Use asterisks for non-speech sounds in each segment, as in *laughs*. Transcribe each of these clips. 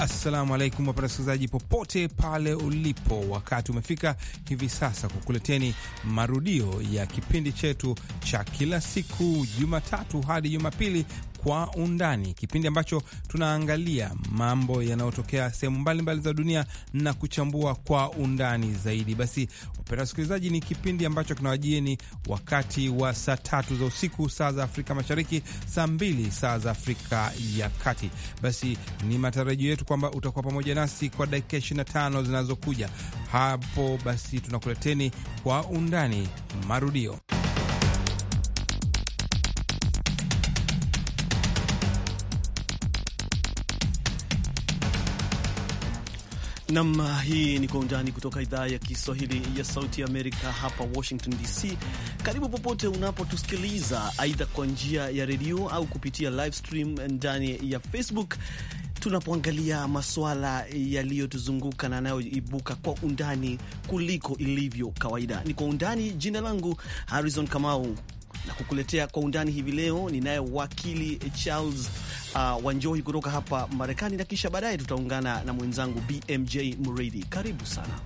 Assalamu alaikum wapenda wasikilizaji popote pale ulipo, wakati umefika hivi sasa kukuleteni marudio ya kipindi chetu cha kila siku Jumatatu hadi Jumapili kwa Undani, kipindi ambacho tunaangalia mambo yanayotokea sehemu mbalimbali za dunia na kuchambua kwa undani zaidi. Basi wapenda wasikilizaji, ni kipindi ambacho kinawajieni wakati wa saa tatu za usiku saa za Afrika Mashariki, saa mbili saa za Afrika ya Kati. Basi ni matarajio yetu kwamba utakuwa pamoja nasi kwa dakika 25 zinazokuja hapo. Basi tunakuleteni kwa undani marudio. Nam, hii ni Kwa Undani kutoka idhaa ya Kiswahili ya Sauti ya Amerika hapa Washington DC. Karibu popote unapotusikiliza, aidha kwa njia ya redio au kupitia live stream ndani ya Facebook, tunapoangalia masuala yaliyotuzunguka na yanayoibuka kwa undani kuliko ilivyo kawaida. Ni Kwa Undani. Jina langu Harrison Kamau, na kukuletea kwa undani hivi leo. Ninaye wakili Charles uh, Wanjohi kutoka hapa Marekani, na kisha baadaye tutaungana na mwenzangu BMJ mredi Karibu sana.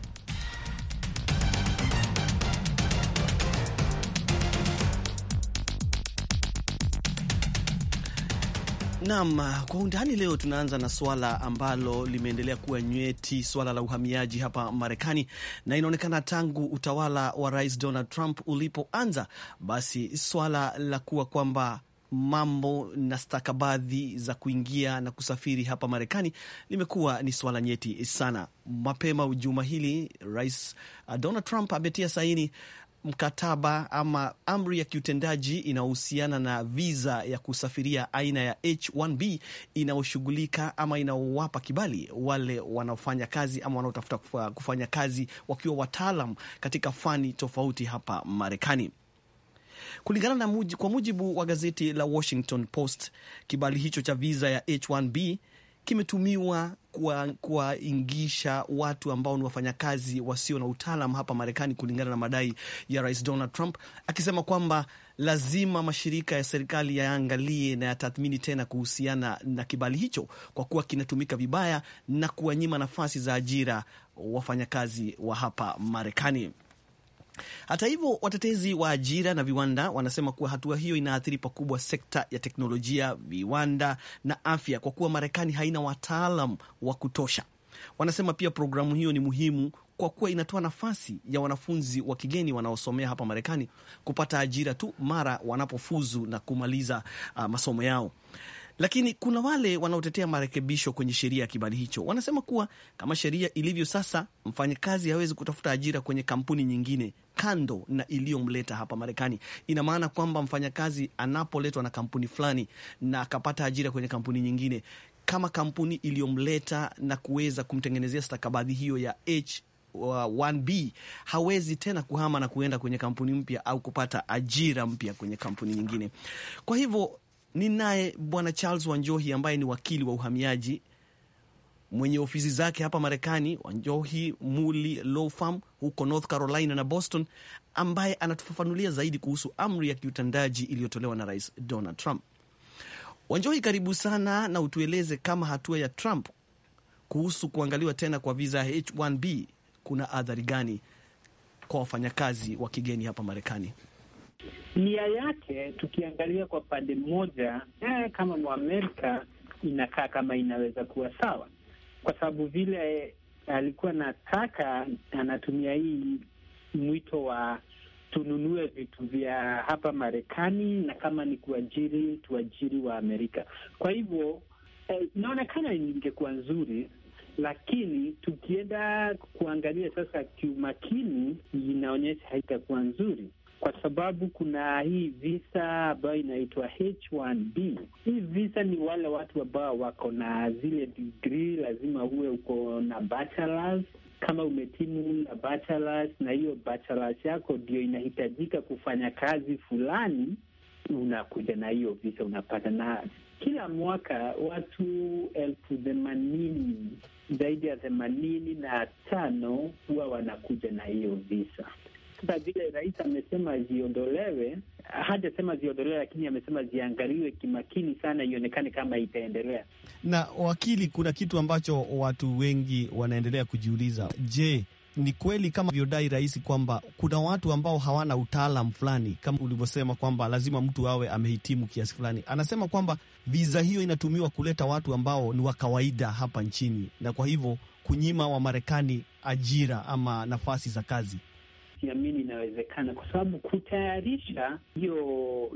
Naam, kwa undani leo tunaanza na swala ambalo limeendelea kuwa nyeti, swala la uhamiaji hapa Marekani, na inaonekana tangu utawala wa Rais Donald Trump ulipoanza, basi swala la kuwa kwamba mambo na stakabadhi za kuingia na kusafiri hapa Marekani limekuwa ni swala nyeti sana. Mapema juma hili Rais uh, Donald Trump ametia saini mkataba ama amri ya kiutendaji inayohusiana na viza ya kusafiria aina ya H1B inayoshughulika ama inaowapa kibali wale wanaofanya kazi ama wanaotafuta kufanya kazi wakiwa wataalam katika fani tofauti hapa Marekani. Kulingana na muji, kwa mujibu wa gazeti la Washington Post, kibali hicho cha viza ya H1B kimetumiwa kuwaingisha watu ambao ni wafanyakazi wasio na utaalam hapa Marekani, kulingana na madai ya Rais Donald Trump, akisema kwamba lazima mashirika ya serikali yaangalie na yatathmini tena kuhusiana na kibali hicho kwa kuwa kinatumika vibaya na kuwanyima nafasi za ajira wafanyakazi wa hapa Marekani. Hata hivyo, watetezi wa ajira na viwanda wanasema kuwa hatua hiyo inaathiri pakubwa sekta ya teknolojia, viwanda na afya, kwa kuwa Marekani haina wataalam wa kutosha. Wanasema pia programu hiyo ni muhimu kwa kuwa inatoa nafasi ya wanafunzi wa kigeni wanaosomea hapa Marekani kupata ajira tu mara wanapofuzu na kumaliza uh, masomo yao. Lakini kuna wale wanaotetea marekebisho kwenye sheria ya kibali hicho, wanasema kuwa kama sheria ilivyo sasa, mfanyakazi hawezi kutafuta ajira kwenye kampuni nyingine kando na iliyomleta hapa Marekani. Ina maana kwamba mfanyakazi anapoletwa na kampuni fulani na akapata ajira kwenye kampuni nyingine, kama kampuni iliyomleta na kuweza kumtengenezea stakabadhi hiyo ya H 1B hawezi tena kuhama na kuenda kwenye kampuni mpya au kupata ajira mpya kwenye kampuni nyingine. Kwa hivyo ni naye Bwana Charles Wanjohi ambaye ni wakili wa uhamiaji mwenye ofisi zake hapa Marekani, Wanjohi Muli Law Firm huko North Carolina na Boston, ambaye anatufafanulia zaidi kuhusu amri ya kiutendaji iliyotolewa na Rais Donald Trump. Wanjohi, karibu sana na utueleze kama hatua ya Trump kuhusu kuangaliwa tena kwa visa H1B kuna athari gani kwa wafanyakazi wa kigeni hapa Marekani? Nia yake tukiangalia kwa pande mmoja, eh, kama Mwamerika inakaa kama inaweza kuwa sawa, kwa sababu vile eh, alikuwa nataka anatumia hii mwito wa tununue vitu vya hapa Marekani na kama ni kuajiri tuajiri wa Amerika. Kwa hivyo eh, inaonekana ingekuwa nzuri, lakini tukienda kuangalia sasa kiumakini, inaonyesha haitakuwa nzuri kwa sababu kuna hii visa ambayo inaitwa H1B. Hii visa ni wale watu ambao wako na zile degree, lazima uwe uko na bachelors kama umetimu na bachelors, na hiyo bachelors yako ndio inahitajika kufanya kazi fulani, unakuja na hiyo visa unapata. Na kila mwaka watu elfu themanini zaidi ya themanini na tano huwa wanakuja na hiyo visa katiba vile rais amesema ziondolewe, hajasema ziondolewe, lakini amesema ziangaliwe kimakini sana, ionekane kama itaendelea. Na wakili, kuna kitu ambacho watu wengi wanaendelea kujiuliza, je, ni kweli kama vyodai rais kwamba kuna watu ambao hawana utaalam fulani, kama ulivyosema kwamba lazima mtu awe amehitimu kiasi fulani. Anasema kwamba viza hiyo inatumiwa kuleta watu ambao ni wa kawaida hapa nchini, na kwa hivyo kunyima Wamarekani ajira ama nafasi za kazi siamini inawezekana, kwa sababu kutayarisha hiyo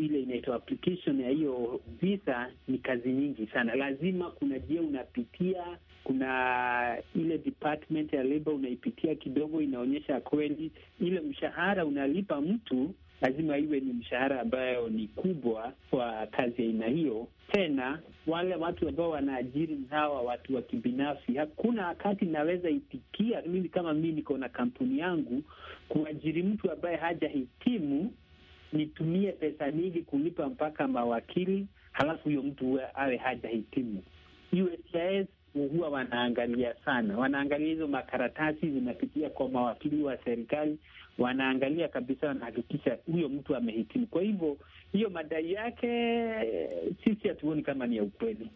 ile inaitwa application ya hiyo visa ni kazi nyingi sana. Lazima kuna jia unapitia kuna ile department ya labor unaipitia kidogo, inaonyesha kweli ile mshahara unalipa mtu lazima iwe ni mshahara ambayo ni kubwa kwa kazi ya aina hiyo. Tena wale watu ambao wanaajiri hawa watu wa kibinafsi, hakuna wakati naweza itikia mimi kama mi niko na kampuni yangu kuajiri mtu ambaye hajahitimu nitumie pesa nyingi kulipa mpaka mawakili, halafu huyo mtu awe hajahitimu. USIS huwa wanaangalia sana, wanaangalia hizo makaratasi zinapitia kwa mawakili wa serikali, wanaangalia kabisa, wanahakikisha huyo mtu amehitimu. Kwa hivyo hiyo madai yake sisi hatuoni kama ni ya ukweli.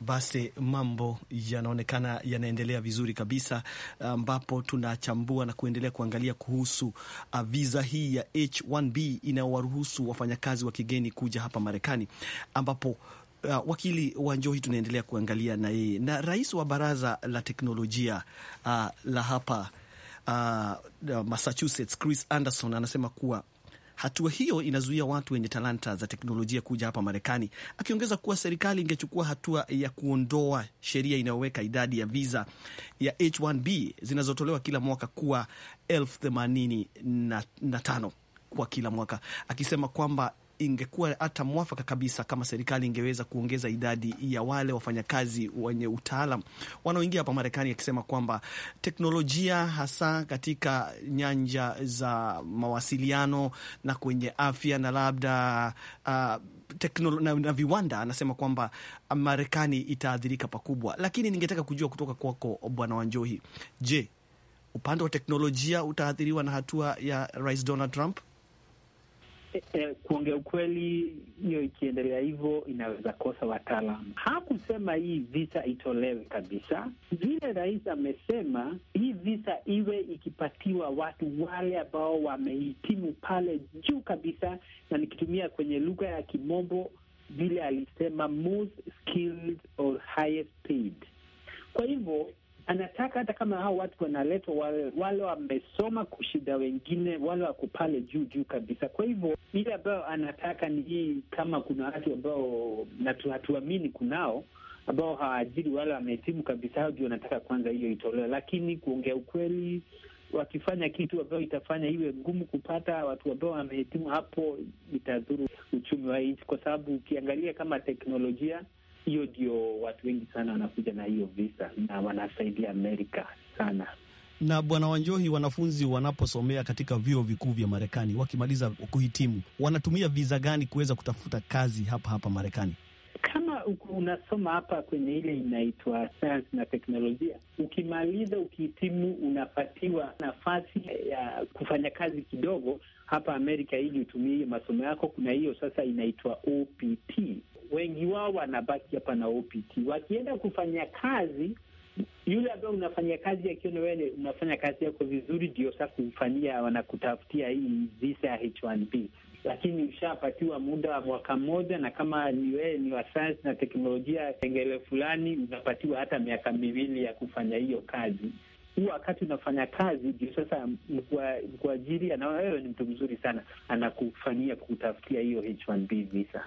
Basi mambo yanaonekana yanaendelea vizuri kabisa, ambapo tunachambua na kuendelea kuangalia kuhusu uh, viza hii ya H1B inayowaruhusu wafanyakazi wa kigeni kuja hapa Marekani, ambapo uh, wakili wa Njohi tunaendelea kuangalia na yeye na rais wa baraza la teknolojia uh, la hapa Uh, uh, Massachusetts, Chris Anderson anasema kuwa hatua hiyo inazuia watu wenye talanta za teknolojia kuja hapa Marekani, akiongeza kuwa serikali ingechukua hatua ya kuondoa sheria inayoweka idadi ya viza ya H1B zinazotolewa kila mwaka kuwa elfu themanini na tano kwa kila mwaka, akisema kwamba ingekuwa hata mwafaka kabisa kama serikali ingeweza kuongeza idadi ya wale wafanyakazi wenye utaalam wanaoingia hapa Marekani, akisema kwamba teknolojia hasa katika nyanja za mawasiliano na kwenye afya na labda uh, na, na viwanda anasema kwamba Marekani itaathirika pakubwa, lakini ningetaka kujua kutoka kwako Bwana Wanjohi, je, upande wa teknolojia utaathiriwa na hatua ya Rais Donald Trump? Eh, eh, kuongea ukweli, hiyo ikiendelea hivyo inaweza kosa wataalam Hakusema hii visa itolewe kabisa, vile rais amesema hii visa iwe ikipatiwa watu wale ambao wamehitimu pale juu kabisa, na nikitumia kwenye lugha ya kimombo vile alisema most skilled or highest paid. Kwa hivyo anataka hata kama hao watu wanaletwa wale, wale wamesoma kushida wengine, wale wako pale juu juu kabisa. Kwa hivyo ile ambayo anataka ni hii, kama kuna watu ambao hatuamini kunao ambao hawaajiri wale wamehitimu kabisa, hao ndio wanataka kwanza hiyo itolewe, lakini kuongea ukweli wakifanya kitu ambayo itafanya iwe ngumu kupata watu ambao wamehitimu, hapo itadhuru uchumi wa nchi, kwa sababu ukiangalia kama teknolojia hiyo ndio watu wengi sana wanakuja na hiyo visa na wanasaidia Amerika sana. Na Bwana Wanjohi, wanafunzi wanaposomea katika vyuo vikuu vya Marekani wakimaliza kuhitimu, wanatumia visa gani kuweza kutafuta kazi hapa hapa Marekani? Kama unasoma hapa kwenye ile inaitwa sayansi na teknolojia, ukimaliza ukihitimu, unapatiwa nafasi ya kufanya kazi kidogo hapa Amerika ili utumie hiyo masomo yako. Kuna hiyo sasa inaitwa OPT, wengi wao wanabaki hapa na OPT. Wakienda kufanya kazi, yule ambaye unafanya kazi akiona wewe unafanya kazi yako vizuri, ndio sasa ufanyia, wanakutafutia hii visa ya H1B, lakini ushapatiwa muda wa mwaka mmoja, na kama ni wewe ni wa sayansi na teknolojia kengele fulani, unapatiwa hata miaka miwili ya kufanya hiyo kazi. huu wakati unafanya kazi ndio sasa mkuajiri anaona wewe ni mtu mzuri sana, anakufanyia kutafutia hiyo H1B visa.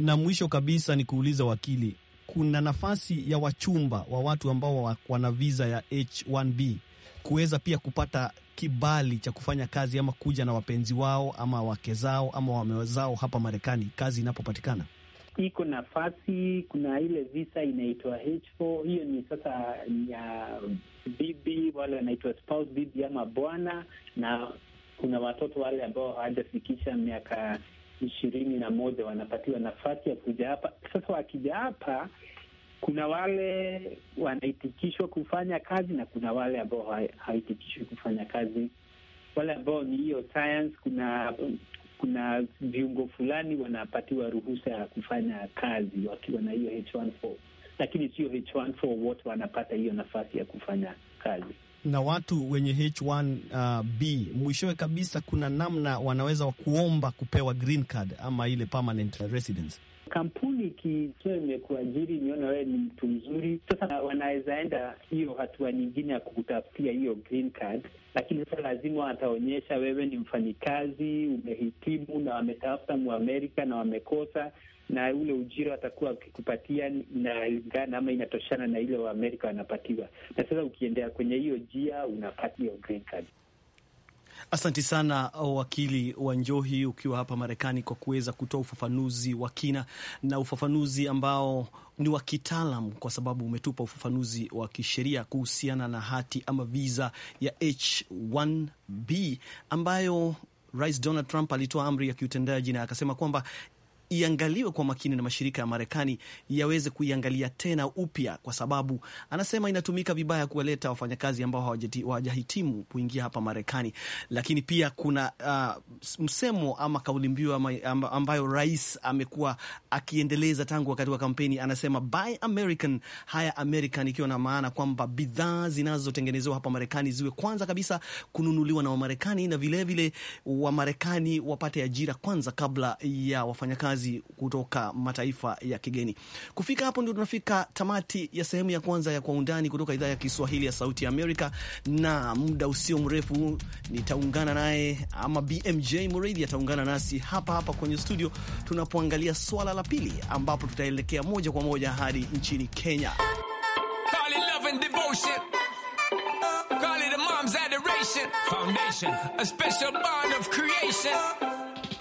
Na mwisho kabisa ni kuuliza wakili, kuna nafasi ya wachumba wa watu ambao wana visa ya H1B kuweza pia kupata kibali cha kufanya kazi ama kuja na wapenzi wao ama wake zao ama wamewazao hapa Marekani kazi inapopatikana? Iko nafasi. Kuna ile visa inaitwa H4, hiyo ni sasa ya bibi wale wanaitwa spouse bibi ama bwana, na kuna watoto wale ambao hawajafikisha miaka ishirini na moja wanapatiwa nafasi ya kuja hapa. Sasa wakija hapa, kuna wale wanaitikishwa kufanya kazi na kuna wale ambao hawaitikishwi kufanya kazi. Wale ambao ni hiyo science, kuna kuna viungo fulani wanapatiwa ruhusa ya kufanya kazi wakiwa na hiyo H1 lakini sio H1 wote wanapata hiyo nafasi ya kufanya kazi na watu wenye H1B uh, mwishowe kabisa kuna namna wanaweza kuomba kupewa green card ama ile permanent residence. Kampuni ikisema imekuajiri niona wewe ni mtu mzuri, sasa wanaweza enda hiyo hatua nyingine ya kukutafutia hiyo green card, lakini sasa lazima wataonyesha wewe ni mfanyikazi, umehitimu na wametafuta Muamerika na wamekosa na ule ujira watakuwa wakikupatia inalingana ama inatoshana na ile Waamerika wanapatiwa, na sasa ukiendea kwenye hiyo jia unapata hiyo green card. sana uh, wakili wa Njohi, ukiwa hapa Marekani, kwa kuweza kutoa ufafanuzi wa kina na ufafanuzi ambao ni wa kitaalam, kwa sababu umetupa ufafanuzi wa kisheria kuhusiana na hati ama viza ya H1B ambayo Rais Donald Trump alitoa amri ya kiutendaji na akasema kwamba iangaliwe kwa makini na mashirika ya Marekani yaweze kuiangalia tena upya, kwa sababu anasema inatumika vibaya kuwaleta wafanyakazi ambao hawajahitimu kuingia hapa Marekani. Lakini pia kuna uh, msemo ama kauli mbiu ambayo rais amekuwa akiendeleza tangu wakati wa kampeni, anasema buy American, haya American, ikiwa na maana kwamba bidhaa zinazotengenezewa hapa Marekani ziwe kwanza kabisa kununuliwa na Wamarekani na vilevile Wamarekani wapate ajira kwanza kabla ya wafanyakazi wafanyakazi kutoka mataifa ya kigeni. Kufika hapo ndio tunafika tamati ya sehemu ya kwanza ya Kwa Undani kutoka idhaa ya Kiswahili ya Sauti ya Amerika, na muda usio mrefu nitaungana naye ama BMJ Muridi ataungana nasi hapa hapa kwenye studio tunapoangalia swala la pili, ambapo tutaelekea moja kwa moja hadi nchini Kenya. Call it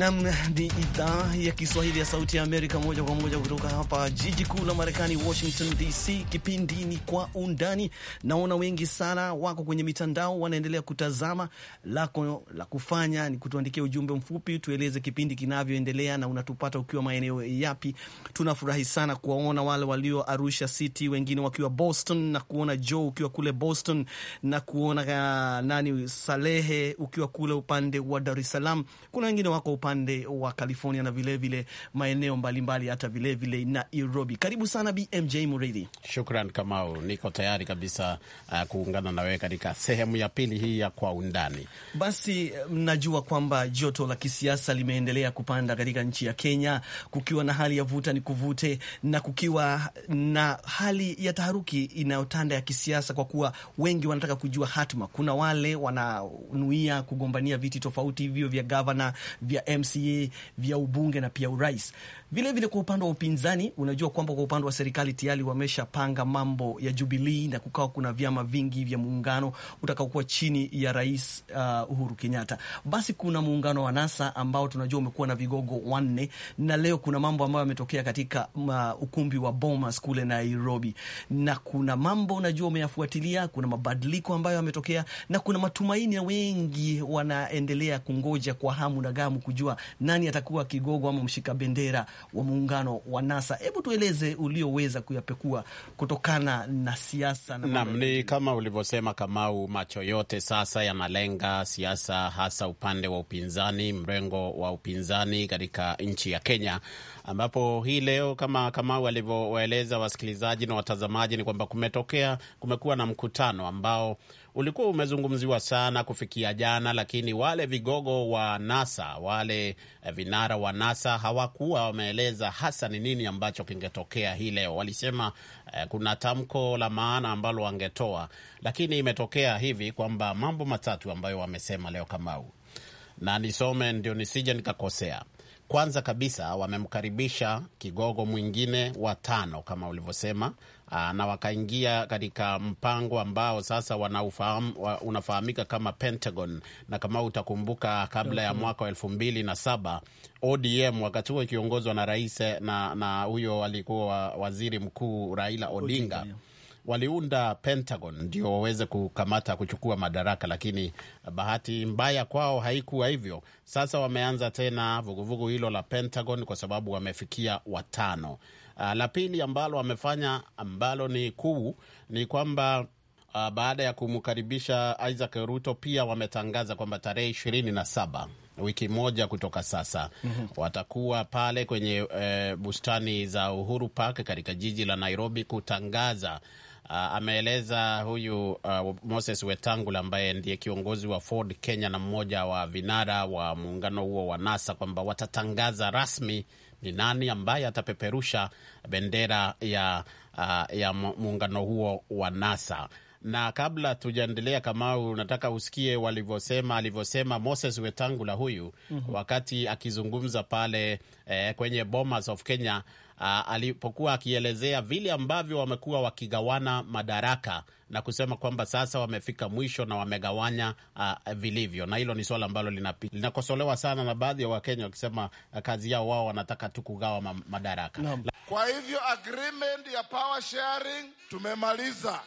Nam ni idhaa ya Kiswahili ya Sauti ya Amerika, moja kwa moja kutoka hapa jiji kuu la Marekani, Washington DC. Kipindi ni Kwa Undani. Naona wengi sana wako kwenye mitandao wanaendelea kutazama. Lako la kufanya ni kutuandikia ujumbe mfupi, tueleze kipindi kinavyoendelea na unatupata ukiwa maeneo yapi. Tunafurahi sana kuwaona wale walio Arusha City, wengine wakiwa Boston na kuona Joe ukiwa kule Boston na kuona ah, nani Salehe ukiwa kule upande wa Dar es Salaam. Kuna wengine wako upande upande wa California na vilevile vile maeneo mbalimbali hata mbali, vilevile Nairobi. Karibu sana BMJ Muridhi. Shukran Kamau, niko tayari kabisa uh, kuungana na wewe katika sehemu ya pili hii ya kwa undani. Basi mnajua um, kwamba joto la kisiasa limeendelea kupanda katika nchi ya Kenya, kukiwa na hali ya vuta ni kuvute na kukiwa na hali ya taharuki inayotanda ya kisiasa, kwa kuwa wengi wanataka kujua hatma. Kuna wale wananuia kugombania viti tofauti hivyo vya gavana vya MCA vya ubunge na pia urais. Vilevile kwa upande wa upinzani, unajua kwamba kwa upande wa serikali tayari wameshapanga mambo ya Jubilii na kukawa kuna vyama vingi vya muungano utakaokuwa chini ya rais uh, Uhuru Kenyatta. Basi kuna muungano wa NASA ambao tunajua umekuwa na vigogo wanne, na leo kuna mambo ambayo yametokea katika uh, ukumbi wa Bomas kule Nairobi, na kuna mambo unajua umeyafuatilia, kuna mabadiliko ambayo yametokea na kuna matumaini wengi wanaendelea kungoja kwa hamu na gamu kujua kujua nani atakuwa kigogo ama mshika bendera wa muungano wa NASA. Hebu tueleze ulioweza kuyapekua kutokana na siasa. nam, ni kama ulivyosema Kamau, macho yote sasa yanalenga siasa, hasa upande wa upinzani, mrengo wa upinzani katika nchi ya Kenya, ambapo hii leo kama Kamau alivyowaeleza wasikilizaji na watazamaji ni kwamba kumetokea, kumekuwa na mkutano ambao ulikuwa umezungumziwa sana kufikia jana, lakini wale vigogo wa NASA, wale eh, vinara wa NASA hawakuwa wameeleza hasa ni nini ambacho kingetokea hii leo. Walisema eh, kuna tamko la maana ambalo wangetoa, lakini imetokea hivi kwamba mambo matatu ambayo wamesema leo, Kamau, na nisome ndio nisije nikakosea. Kwanza kabisa wamemkaribisha kigogo mwingine wa tano kama ulivyosema, Ah, na wakaingia katika mpango ambao sasa wanaufahamu, wa, unafahamika kama Pentagon, na kama utakumbuka kabla ya mm-hmm. mwaka wa elfu mbili na saba ODM wakati huo ikiongozwa na rais eh, na, na huyo alikuwa waziri mkuu Raila Odinga waliunda Pentagon ndio waweze kukamata kuchukua madaraka, lakini bahati mbaya kwao haikuwa hivyo. Sasa wameanza tena vuguvugu hilo la Pentagon kwa sababu wamefikia watano. Uh, la pili ambalo amefanya ambalo ni kuu ni kwamba uh, baada ya kumkaribisha Isaac Ruto pia wametangaza kwamba tarehe ishirini na saba wiki moja kutoka sasa mm -hmm. watakuwa pale kwenye e, bustani za Uhuru Park katika jiji la Nairobi kutangaza Uh, ameeleza huyu uh, Moses Wetangula ambaye ndiye kiongozi wa Ford Kenya na mmoja wa vinara wa muungano huo wa NASA kwamba watatangaza rasmi ni nani ambaye atapeperusha bendera ya, uh, ya muungano huo wa NASA na kabla tujaendelea, kama unataka usikie walivyosema alivyosema Moses Wetangula huyu mm -hmm. wakati akizungumza pale eh, kwenye Bomas of Kenya uh, alipokuwa akielezea vile ambavyo wamekuwa wakigawana madaraka na kusema kwamba sasa wamefika mwisho na wamegawanya uh, vilivyo, na hilo ni suala ambalo linakosolewa sana na baadhi ya Wakenya wakisema uh, kazi yao wao wanataka tu kugawa ma madaraka no. Kwa hivyo agreement ya power sharing tumemaliza.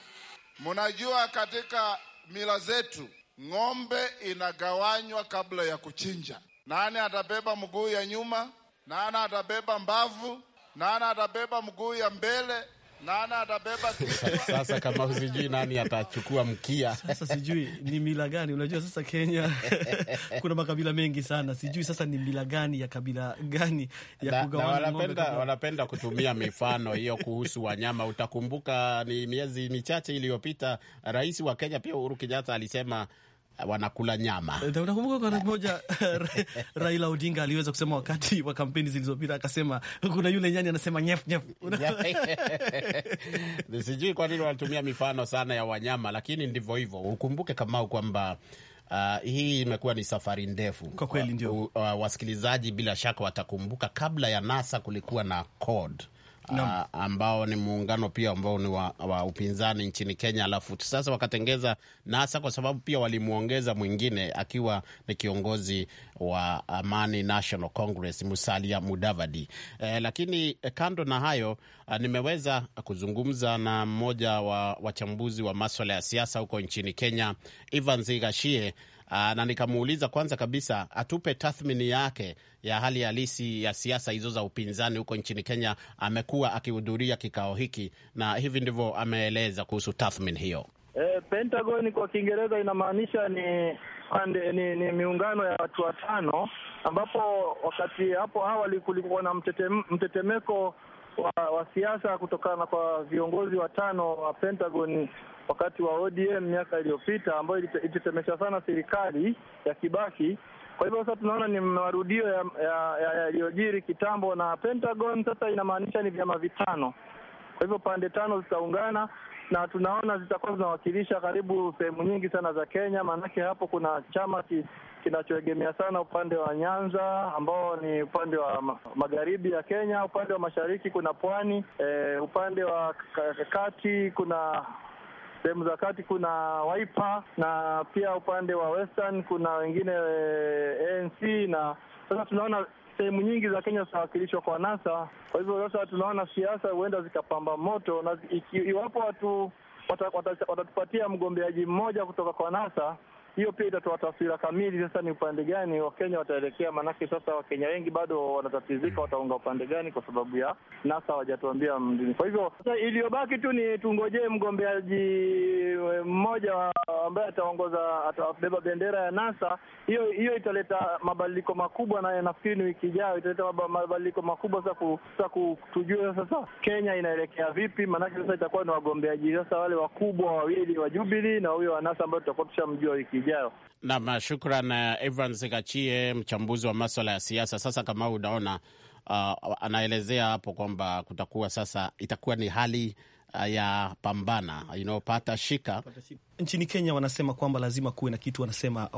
Mnajua katika mila zetu ng'ombe inagawanywa kabla ya kuchinja. Nani atabeba mguu ya nyuma? Nani atabeba mbavu? nana atabeba mguu ya mbele nana atabeba *laughs* Sasa kama usijui nani atachukua mkia sasa, sijui ni mila gani. Unajua sasa Kenya *laughs* kuna makabila mengi sana, sijui sasa ni mila gani ya kabila gani ya kugawana. Wanapenda, wanapenda kutumia mifano hiyo kuhusu wanyama. Utakumbuka ni miezi michache iliyopita rais wa Kenya pia Uhuru Kenyatta alisema wanakula nyama. Eh, unakumbuka kwa moja *laughs* Raila Odinga aliweza kusema wakati wa kampeni zilizopita, akasema kuna yule nyani anasema nyef nyef. *laughs* *laughs* Sijui kwa nini walitumia mifano sana ya wanyama, lakini ndivyo hivyo. Ukumbuke Kamau kwamba Uh, hii imekuwa ni safari ndefu kwa kweli, ndio. Uh, wasikilizaji bila shaka watakumbuka kabla ya NASA kulikuwa na code no. Ah, ambao ni muungano pia ambao ni wa, wa upinzani nchini Kenya, alafu sasa wakatengeza NASA kwa sababu pia walimwongeza mwingine akiwa ni kiongozi wa Amani National Congress Musalia Mudavadi. Eh, lakini kando na hayo ah, nimeweza kuzungumza na mmoja wa wachambuzi wa maswala ya siasa huko nchini Kenya, Evans Igashie Ah, na nikamuuliza kwanza kabisa atupe tathmini yake ya hali halisi ya siasa hizo za upinzani huko nchini Kenya. Amekuwa akihudhuria kikao hiki na hivi ndivyo ameeleza kuhusu tathmini hiyo. E, Pentagon kwa Kiingereza inamaanisha ni ni, ni miungano ya watu watano ambapo wakati hapo awali kulikuwa na mtetem, mtetemeko wa, wa siasa kutokana kwa viongozi watano wa Pentagon wakati wa ODM miaka iliyopita, ambayo ilitetemesha sana serikali ya Kibaki. Kwa hivyo sasa tunaona ni marudio yaliyojiri ya, ya, ya kitambo na Pentagon. Sasa inamaanisha ni vyama vitano, kwa hivyo pande tano zitaungana na tunaona zitakuwa zinawakilisha karibu sehemu nyingi sana za Kenya. Maanake hapo kuna chama ki, kinachoegemea sana upande wa Nyanza ambao ni upande wa magharibi ya Kenya, upande wa mashariki kuna pwani, e, upande wa kati kuna sehemu za kati kuna Waipa na pia upande wa Western kuna wengine eh, ANC, na sasa tunaona sehemu nyingi za Kenya zinawakilishwa kwa NASA. Kwa hivyo sasa tunaona siasa huenda zikapamba moto, na iwapo watu watatupatia mgombeaji mmoja kutoka kwa NASA hiyo pia itatoa taswira kamili. Sasa ni upande gani Wakenya wataelekea? Maanake sasa Wakenya wengi bado wanatatizika, wataunga upande gani, kwa sababu ya NASA hawajatuambia mdini. Kwa hivyo sasa iliyobaki tu ni tungojee mgombeaji eh, mmoja ambaye ataongoza, atabeba bendera ya NASA. Hiyo hiyo italeta mabadiliko makubwa, na nafikiri ni wiki ijayo italeta mabadiliko makubwa. Sasa tujue sasa Kenya inaelekea vipi, maanake sasa itakuwa ni wagombeaji sasa wale wakubwa wawili wa Jubilee na huyo wa NASA ambayo tutakuwa tushamjua wiki ijayo. Nam, shukran eh, Evans Kachie, mchambuzi wa maswala ya siasa. Sasa kama unaona, uh, anaelezea hapo kwamba kutakuwa sasa, itakuwa ni hali ah, ya pambana inayopata shika nchini Kenya. Wanasema kwamba lazima kuwe na kitu wanasema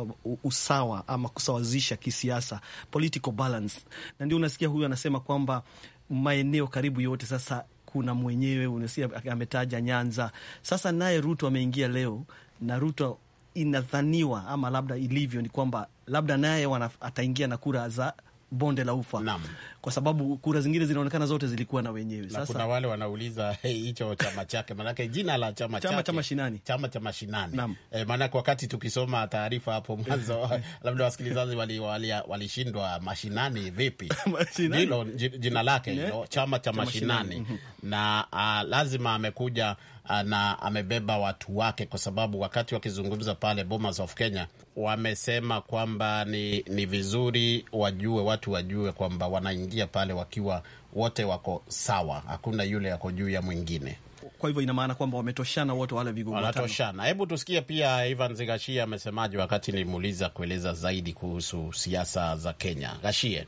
usawa ama kusawazisha kisiasa, political balance, na ndio unasikia huyu anasema kwamba maeneo karibu yote sasa kuna mwenyewe unasikia ametaja Nyanza. Sasa naye Ruto ameingia leo na Ruto inadhaniwa ama labda ilivyo ni kwamba labda naye ataingia na kura za bonde la ufa Naam. Kwa sababu kura zingine zinaonekana zote zilikuwa na wenyewe. Sasa kuna wale wanauliza hicho hey, chama chake manake jina la chama chake chama cha mashinani chama cha mashinani e, maanake wakati tukisoma taarifa hapo mwanzo *laughs* labda wasikilizaji walishindwa wali, wali, wali mashinani vipi *laughs* hilo jina lake hilo chama cha mashinani mhm. na a, ah, lazima amekuja Ah, na amebeba watu wake, kwa sababu wakati wakizungumza pale Bomas of Kenya wamesema kwamba ni, ni vizuri wajue, watu wajue kwamba wanaingia pale wakiwa wote wako sawa, hakuna yule yako juu ya mwingine. Kwa hivyo ina maana kwamba wametoshana wote wale vigogo wanatoshana. Hebu tusikie pia Ivan Zigashie amesemaje wakati nilimuuliza kueleza zaidi kuhusu siasa za Kenya. Gashie.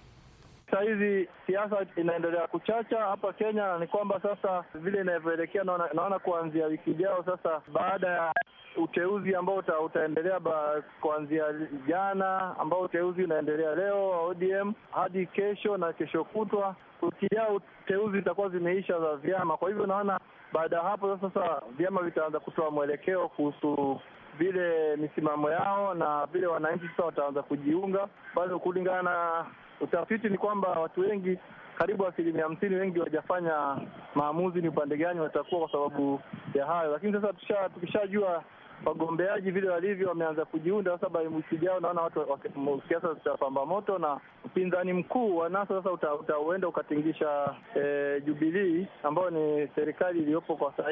Sasa hizi siasa inaendelea kuchacha hapa Kenya, ni kwamba sasa vile inavyoelekea, naona, naona kuanzia wiki ijao sasa, baada ya uteuzi ambao uta, utaendelea kuanzia jana, ambao uteuzi unaendelea leo wa ODM hadi kesho na kesho kutwa, wiki jao uteuzi zitakuwa zimeisha za vyama. Kwa hivyo naona baada ya hapo sasa vyama vitaanza kutoa mwelekeo kuhusu vile misimamo yao na vile wananchi sasa wataanza kujiunga bado kulingana na utafiti ni kwamba watu wengi karibu asilimia hamsini, wengi wajafanya maamuzi ni upande gani watakuwa kwa sababu ya hayo. Lakini sasa tukishajua wagombeaji vile walivyo, wameanza kujiunda sasa. jao, naona watu siasa zitapamba moto, na upinzani mkuu wa NASA sasa utauenda ukatingisha e, eh, Jubilii ambayo ni serikali iliyopo kwa saa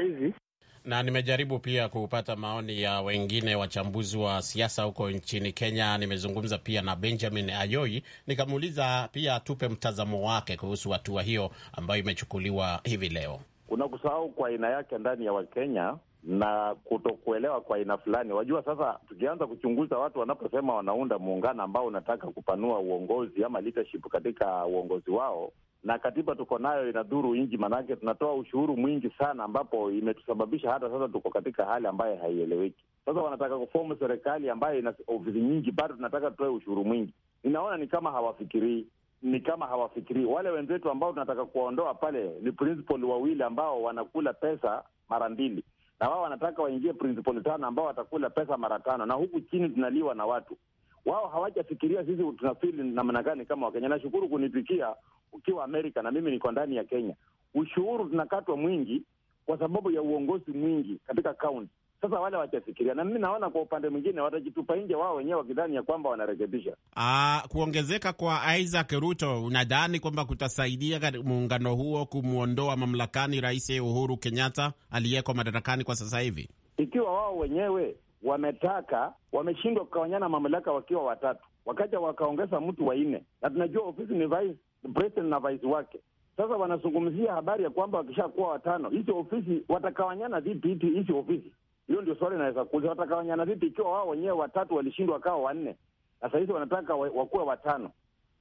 na nimejaribu pia kupata maoni ya wengine wachambuzi wa siasa huko nchini Kenya. Nimezungumza pia na Benjamin Ayoi nikamuuliza pia tupe mtazamo wake kuhusu hatua hiyo ambayo imechukuliwa hivi leo. Kuna kusahau kwa aina yake ndani ya Wakenya na kutokuelewa kwa aina fulani. Wajua, sasa tukianza kuchunguza watu wanaposema wanaunda muungano ambao unataka kupanua uongozi ama leadership katika uongozi wao, na katiba tuko nayo inadhuru nchi, maanake tunatoa ushuru mwingi sana, ambapo imetusababisha hata sasa tuko katika hali ambayo haieleweki. Sasa wanataka kufomu serikali ambayo ina ofisi nyingi, bado tunataka tutoe ushuru mwingi. Ninaona ni kama hawafikirii, ni kama hawafikirii wale wenzetu ambao tunataka kuwaondoa pale. Ni principal wawili ambao wanakula pesa mara mbili, na wao wanataka waingie principal tano ambao watakula pesa mara tano, na huku chini tunaliwa na watu wao hawajafikiria sisi tunafili namna gani kama Wakenya. Nashukuru kunipikia ukiwa Amerika na mimi niko ndani ya Kenya, ushuru tunakatwa mwingi kwa sababu ya uongozi mwingi katika kaunti. Sasa wale wachafikiria, na mimi naona kwa upande mwingine watajitupa nje wao wenyewe wakidhani ya kwamba wanarekebisha. Ah, kuongezeka kwa Isaac Ruto unadhani kwamba kutasaidia muungano huo kumwondoa mamlakani Rais Uhuru Kenyatta aliyeko madarakani kwa sasa hivi, ikiwa wao wenyewe wametaka wameshindwa kukawanyana mamlaka wakiwa watatu, wakaja wakaongeza mtu wa nne, na tunajua ofisi ni vice Britain na vice wake. Sasa wanazungumzia habari ya kwamba wakishakuwa watano, hizi ofisi watakawanyana vipi? Hizi ofisi, hiyo ndio swali naweza kuuliza, watakawanyana vipi ikiwa wao wenyewe watatu walishindwa wakawa wanne, sasa hizi wanataka wa, wakuwe watano.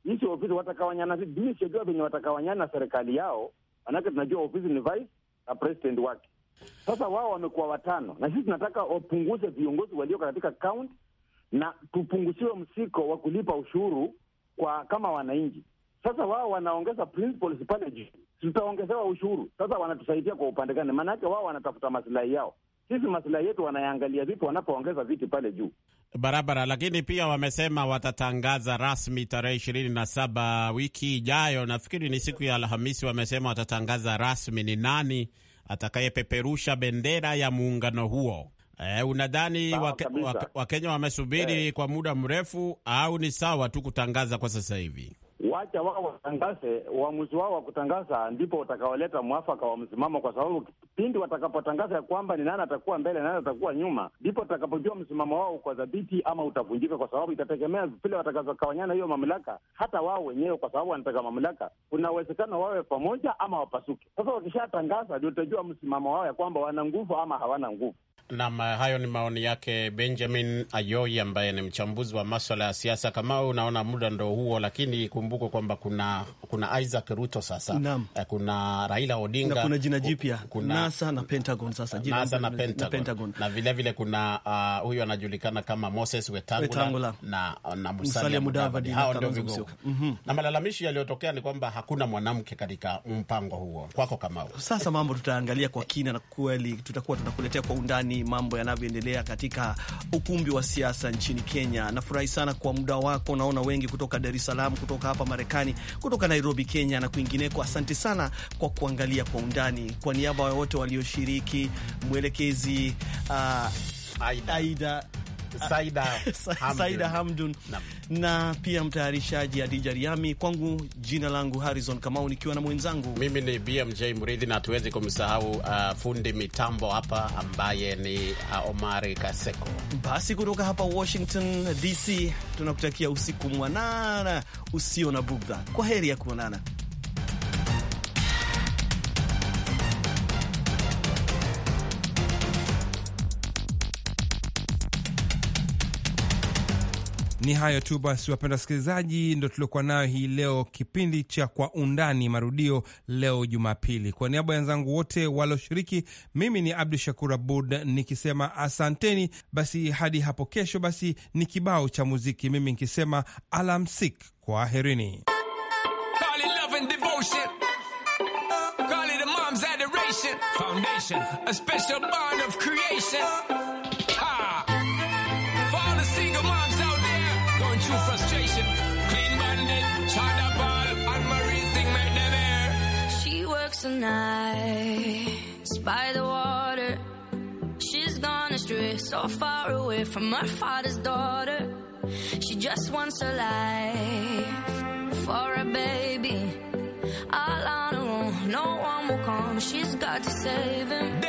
Hizi ofisi watakawanyana vipi? Mimi sijajua venye watakawanyana serikali yao, manake tunajua ofisi ni vice na president wake. Sasa wao wamekuwa watano, na sisi tunataka wapunguze viongozi walio katika kaunti na tupunguziwe msiko wa kulipa ushuru kwa kama wananchi sasa wao wanaongeza principles pale juu, tutaongezewa ushuru. Sasa wanatusaidia kwa upande gani? Maanake wao wanatafuta masilahi yao, sisi masilahi yetu wanayaangalia vipi wanapoongeza viti pale juu barabara. Lakini pia wamesema watatangaza rasmi tarehe ishirini na saba wiki ijayo, nafikiri ni siku ya Alhamisi. Wamesema watatangaza rasmi ni nani atakayepeperusha bendera ya muungano huo. Eh, unadhani Wakenya wamesubiri yeah, kwa muda mrefu au ni sawa tu kutangaza kwa sasa hivi? wacha wao watangaze uamuzi wao wa kutangaza, ndipo utakaoleta mwafaka wa msimamo, kwa sababu pindi watakapotangaza ya kwamba ni nani atakuwa mbele nani atakuwa nyuma, ndipo utakapojua msimamo wao uko dhabiti ama utavunjika, kwa sababu itategemea vile watakavyokawanyana hiyo mamlaka, hata wao wenyewe, kwa sababu wanataka mamlaka. Kuna uwezekano wawe pamoja ama wapasuke. Sasa wakishatangaza, ndio utajua msimamo wao ya kwamba wana nguvu ama hawana nguvu. Nam, hayo ni maoni yake Benjamin Ayoi ambaye ni mchambuzi wa maswala ya siasa. Kama unaona muda ndo huo, lakini ikumbukwe kwamba kuna kuna Isaac Ruto sasa Nam. Eh, kuna Raila Odinga na kuna jina jipya NASA na Pentagon sasa jina NASA na Pentagon. Pentagon na vile vile kuna uh, huyu anajulikana kama Moses Wetangula, Wetangula. na, na Musalia Mudavadi, hao ndio vigogo mm -hmm. na malalamishi yaliyotokea ni kwamba hakuna mwanamke katika mpango huo. Kwako Kamau, sasa mambo tutaangalia kwa kina na kweli tutakuwa tunakuletea kwa undani undani mambo yanavyoendelea katika ukumbi wa siasa nchini Kenya. Nafurahi sana kwa muda wako, naona wengi kutoka Dar es Salaam, kutoka hapa Marekani, kutoka Nairobi Kenya na kwingineko. Asante sana kwa kuangalia kwa undani. Kwa niaba ya wote walioshiriki, mwelekezi uh, Aida *laughs* Saida, Hamdun. Saida Hamdun na, na pia mtayarishaji Adija Riami. Kwangu jina langu Harrison Kamau nikiwa na mwenzangu mimi ni BMJ Mridhi, na tuwezi kumsahau uh, fundi mitambo hapa ambaye ni uh, Omari Kaseko. Basi kutoka hapa Washington DC tunakutakia usiku mwanana usio na bugdha. Kwa heri ya kuonana. Ni hayo tu basi, wapenda wasikilizaji, ndo tuliokuwa nayo hii leo, kipindi cha Kwa Undani marudio leo Jumapili. Kwa niaba ya wenzangu wote walioshiriki, mimi ni Abdu Shakur Abud nikisema asanteni. Basi hadi hapo kesho, basi ni kibao cha muziki, mimi nikisema alamsik, kwaherini. A special bond of creation. some nights by the water. She's gone astray, so far away from her father's daughter. She just wants a life for a baby. All on her own, no one will come. She's got to save him.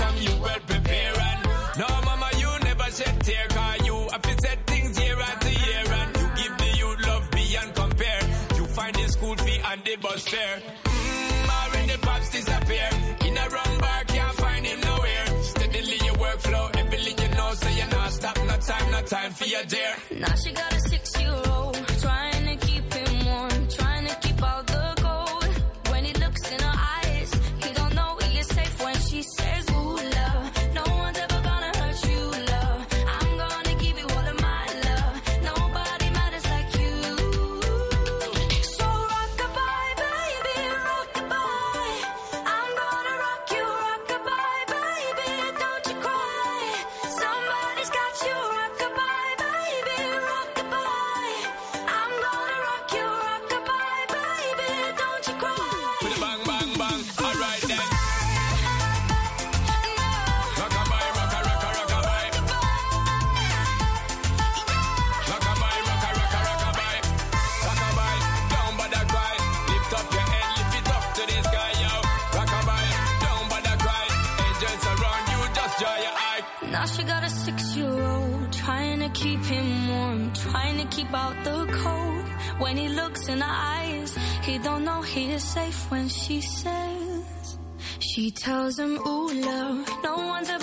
come, you well prepared. And no, mama, you never said tear, cause you have said things year after year. And you give the youth love beyond compare. You find the school fee and the bus fare. Mmm, already pops disappear. In a wrong bar, can't find him nowhere. Steadily your workflow, everything you know, so you're not stop. No time, no time for your dear. Now she got in her eyes. He don't know he is safe when she says, she tells him, ooh, love, no one's ever